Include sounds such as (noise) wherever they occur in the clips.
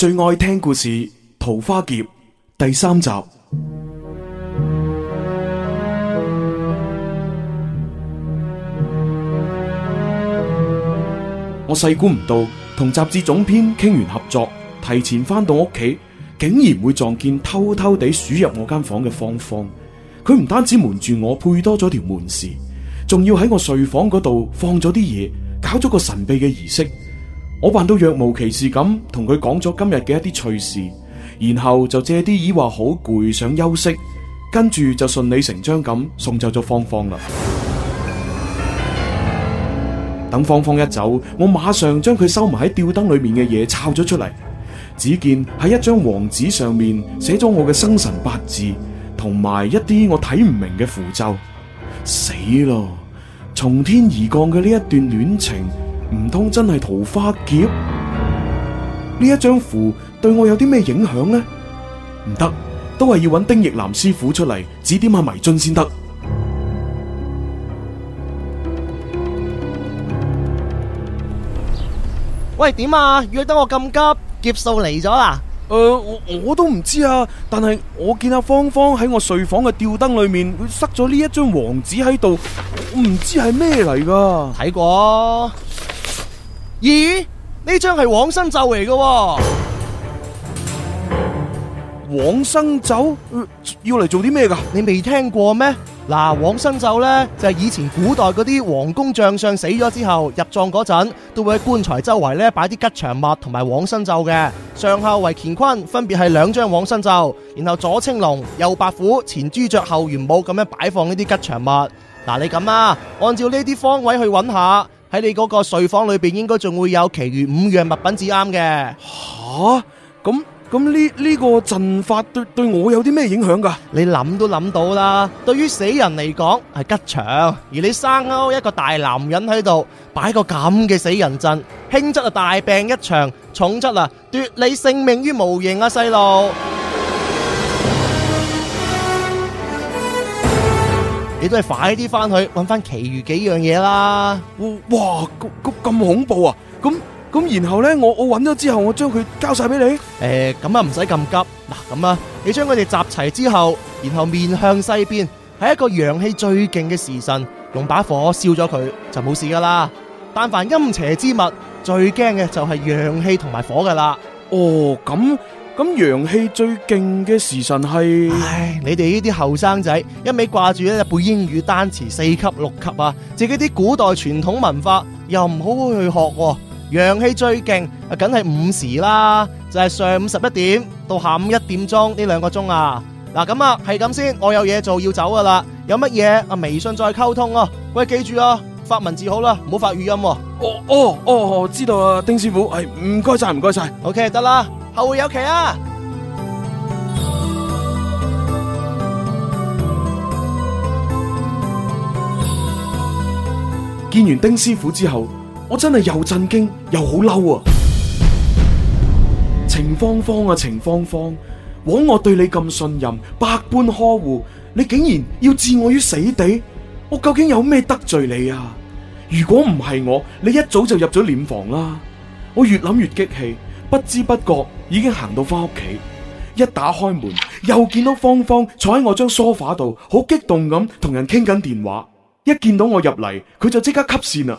最愛聽故事《桃花劫》第三集。 (music) 我細估唔到，同雜誌總編傾完合作，提前翻到屋企，竟然會撞見偷偷地鼠入我間房嘅芳芳。佢唔單止瞞住我配多咗條門匙，仲要喺我睡房嗰度放咗啲嘢，搞咗個神秘嘅儀式。我扮到若無其事咁同佢講咗今日嘅一啲趣事，然後就借啲以話好攰，想休息，跟住就順理成章咁送走咗芳芳啦。等芳芳一走，我馬上將佢收埋喺吊燈裏面嘅嘢抄咗出嚟。只見喺一張黃紙上面寫咗我嘅生辰八字，同埋一啲我睇唔明嘅符咒。死咯！從天而降嘅呢一段戀情。唔通真係桃花劫？呢一張符對我有啲咩影響呢？唔得，都係要揾丁逸南師傅出嚟指點下迷津先得。喂，點啊？約得我咁急，劫數嚟咗啦？誒、呃，我我都唔知啊，但係我見阿芳芳喺我睡房嘅吊燈裏面，塞咗呢一張黃紙喺度，唔知係咩嚟噶？睇過、啊。咦？呢張係往生咒嚟喎。往生咒要嚟做啲咩噶？你未聽過咩？嗱，往生咒呢，就係以前古代嗰啲王公將相死咗之後入葬嗰陣，都會喺棺材周圍呢擺啲吉祥物同埋往生咒嘅。上、下為乾坤，分別係兩張往生咒，然後左青龍，右白虎，前朱雀，後玄武，咁樣擺放呢啲吉祥物。嗱，你咁啊，按照呢啲方位去揾下。喺你嗰個睡房裏邊，應該仲會有其餘五樣物品至啱嘅。吓，咁咁呢呢個陣法對對我有啲咩影響㗎？你諗都諗到啦。對於死人嚟講係吉祥，而你生勾一個大男人喺度擺個咁嘅死人陣，輕則啊大病一場，重則啊奪你性命於無形啊，細路。你都係快啲翻去揾翻其餘幾樣嘢啦！哇，咁恐怖啊！咁咁然後呢，我我揾咗之後，我將佢交晒俾你。誒、欸，咁啊唔使咁急。嗱，咁啊，你將佢哋集齊之後，然後面向西邊，喺一個陽氣最勁嘅時辰，用把火燒咗佢就冇事噶啦。但凡陰邪之物，最驚嘅就係陽氣同埋火噶啦。哦，咁。咁陽氣最勁嘅時辰係，唉，你哋呢啲後生仔一味掛住一日背英語單詞四級六級啊，自己啲古代傳統文化又唔好好去學。陽氣最勁啊，梗係、啊、午時啦，就係、是、上午十一點到下午一點鐘呢兩個鐘啊。嗱、啊，咁啊係咁先，我有嘢做要走噶啦。有乜嘢啊？微信再溝通啊。喂，記住啊，發文字好啦，唔好發語音、啊。哦哦哦，知道啊，丁師傅，係唔該晒，唔該晒。OK，得啦。後會有期啊！見完丁師傅之後，我真係又震驚又好嬲啊！程芳芳啊，程芳芳，枉我對你咁信任，百般呵護，你竟然要置我於死地！我究竟有咩得罪你啊？如果唔係我，你一早就入咗殮房啦！我越諗越激氣，不知不覺。已經行到翻屋企，一打開門又見到芳芳坐喺我張梳化度，好激動咁同人傾緊電話。一見到我入嚟，佢就即刻吸線啦。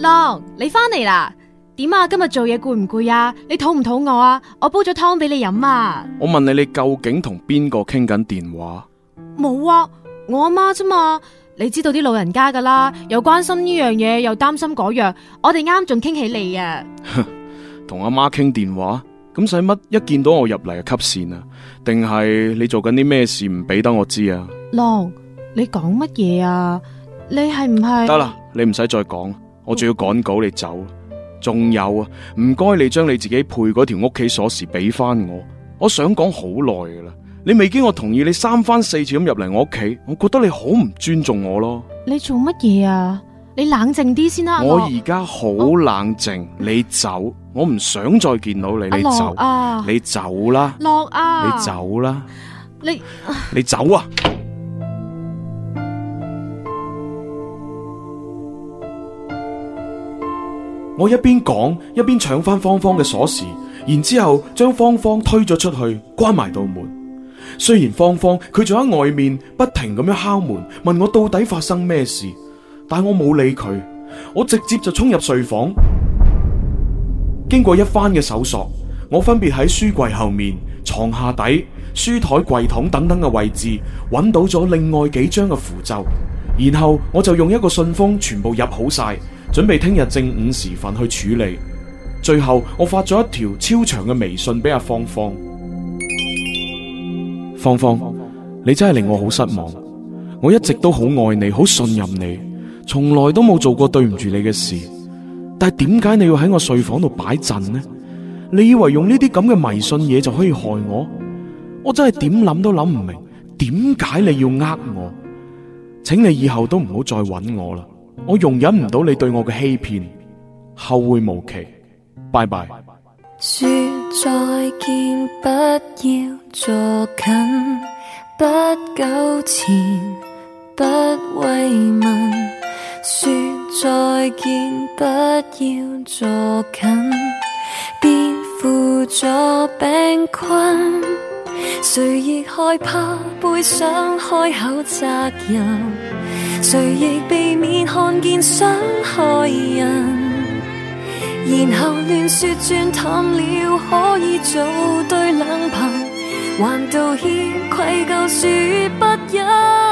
浪，你翻嚟啦？點啊？今日做嘢攰唔攰啊？你肚唔肚餓啊？我煲咗湯俾你飲啊！我問你，你究竟同邊個傾緊電話？冇啊，我阿媽啫嘛。你知道啲老人家噶啦，又關心呢樣嘢，又擔心嗰樣。我哋啱仲傾起你啊！ (laughs) 同阿媽傾電話，咁使乜？一見到我入嚟就吸線啊？定係你做緊啲咩事唔俾得我知啊？浪，你講乜嘢啊？你係唔係？得啦，你唔使再講，我仲要趕稿，你走。仲有啊，唔該你將你自己配嗰條屋企鎖匙俾翻我，我想講好耐噶啦。你未經我同意，你三番四次咁入嚟我屋企，我覺得你好唔尊重我咯。你做乜嘢啊？你冷靜啲先啦，我而家好冷靜，啊。你走，我唔想再見到你。啊，你走，啊，你走啦，落啊，啊，你走啦，你你走啊！ (laughs) 我一邊講，一邊搶翻芳芳嘅鎖匙，嗯、然之後將芳芳推咗出去，關埋度門。雖然芳芳佢仲喺外面，不停咁樣敲門，問我到底發生咩事。但我冇理佢，我直接就衝入睡房。經過一番嘅搜索，我分別喺書櫃後面、床下底、書台櫃桶等等嘅位置，揾到咗另外幾張嘅符咒。然後我就用一個信封全部入好晒，準備聽日正午時份去處理。最後，我發咗一條超長嘅微信俾阿芳芳。芳芳，你真係令我好失望。我一直都好愛你，好信任你。從來都冇做過對唔住你嘅事，但係點解你要喺我睡房度擺陣呢？你以為用呢啲咁嘅迷信嘢就可以害我？我真係點諗都諗唔明，點解你要呃我？請你以後都唔好再揾我啦，我容忍唔到你對我嘅欺騙，後會無期，拜拜。說再見，不要坐近，不久前，不慰問。說再見，不要坐近，別扶助病困。誰亦害怕背上開口責任，誰亦避免看見傷害人。然後亂說轉淡了，可以做對冷朋，還道歉，愧疚說不忍。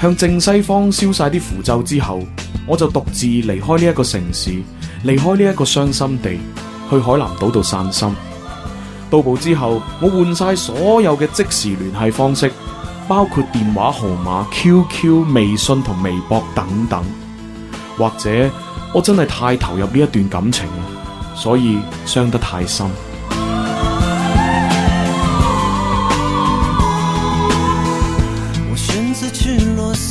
向正西方燒晒啲符咒之後，我就獨自離開呢一個城市，離開呢一個傷心地，去海南島度散心。到埗之後，我換晒所有嘅即時聯繫方式，包括電話號碼、QQ、微信同微博等等。或者我真係太投入呢一段感情，所以傷得太深。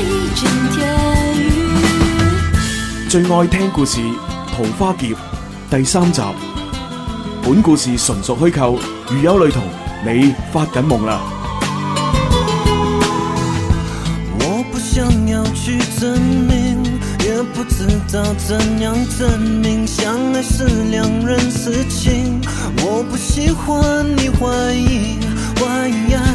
一最愛聽故事《桃花劫》第三集。本故事純屬虛構，如有類同，你發緊夢啦。我不想要去證明，也不知道怎樣證明，相愛是兩人事情。我不喜歡你懷疑，懷疑愛。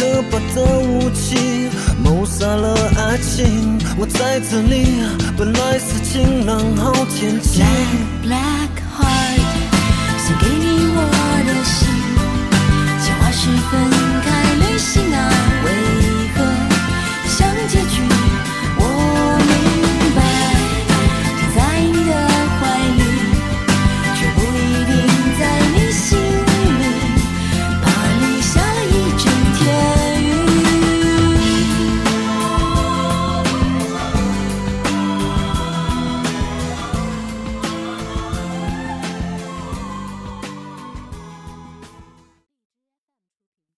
可怕的武器謀殺了愛情，我在這裡，本來是晴朗好天氣。